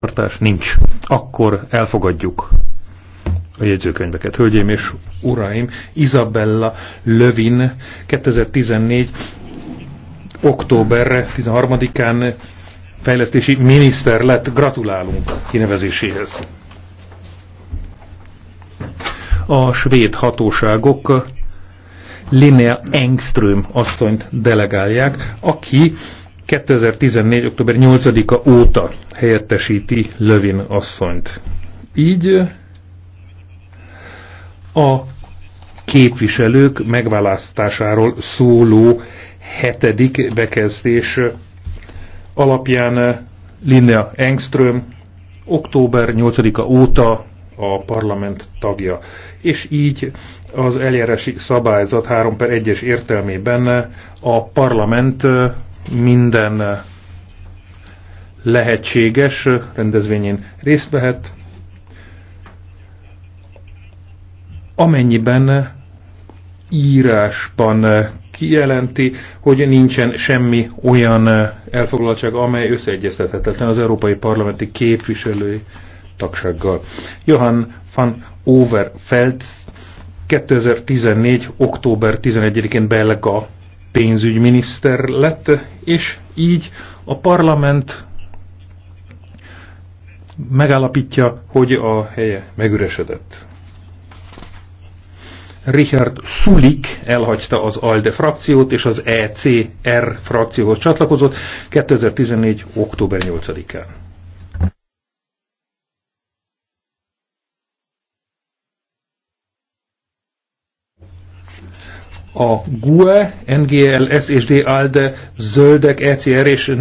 tartás nincs. Akkor elfogadjuk a jegyzőkönyveket. Hölgyeim és uraim, Isabella Lövin 2014. október 13-án fejlesztési miniszter lett. Gratulálunk kinevezéséhez. A svéd hatóságok Linnea Engström asszonyt delegálják, aki 2014. október 8-a óta helyettesíti Lövin asszonyt. Így a képviselők megválasztásáról szóló hetedik bekezdés alapján Linnea Engström október 8-a óta a parlament tagja. És így az eljárási szabályzat 3 per 1-es értelmében a parlament minden eh, lehetséges eh, rendezvényén részt vehet, amennyiben eh, írásban kijelenti, hogy nincsen semmi olyan elfoglaltság, amely összeegyeztethetetlen az európai parlamenti képviselői tagsággal. Johann van Overfeld 2014. október 11-én belga pénzügyminiszter lett, és így a parlament megállapítja, hogy a helye megüresedett. Richard Sulik elhagyta az ALDE frakciót, és az ECR frakcióhoz csatlakozott 2014. október 8-án. a GUE, NGL, SSD, ALDE, Zöldek, ECR és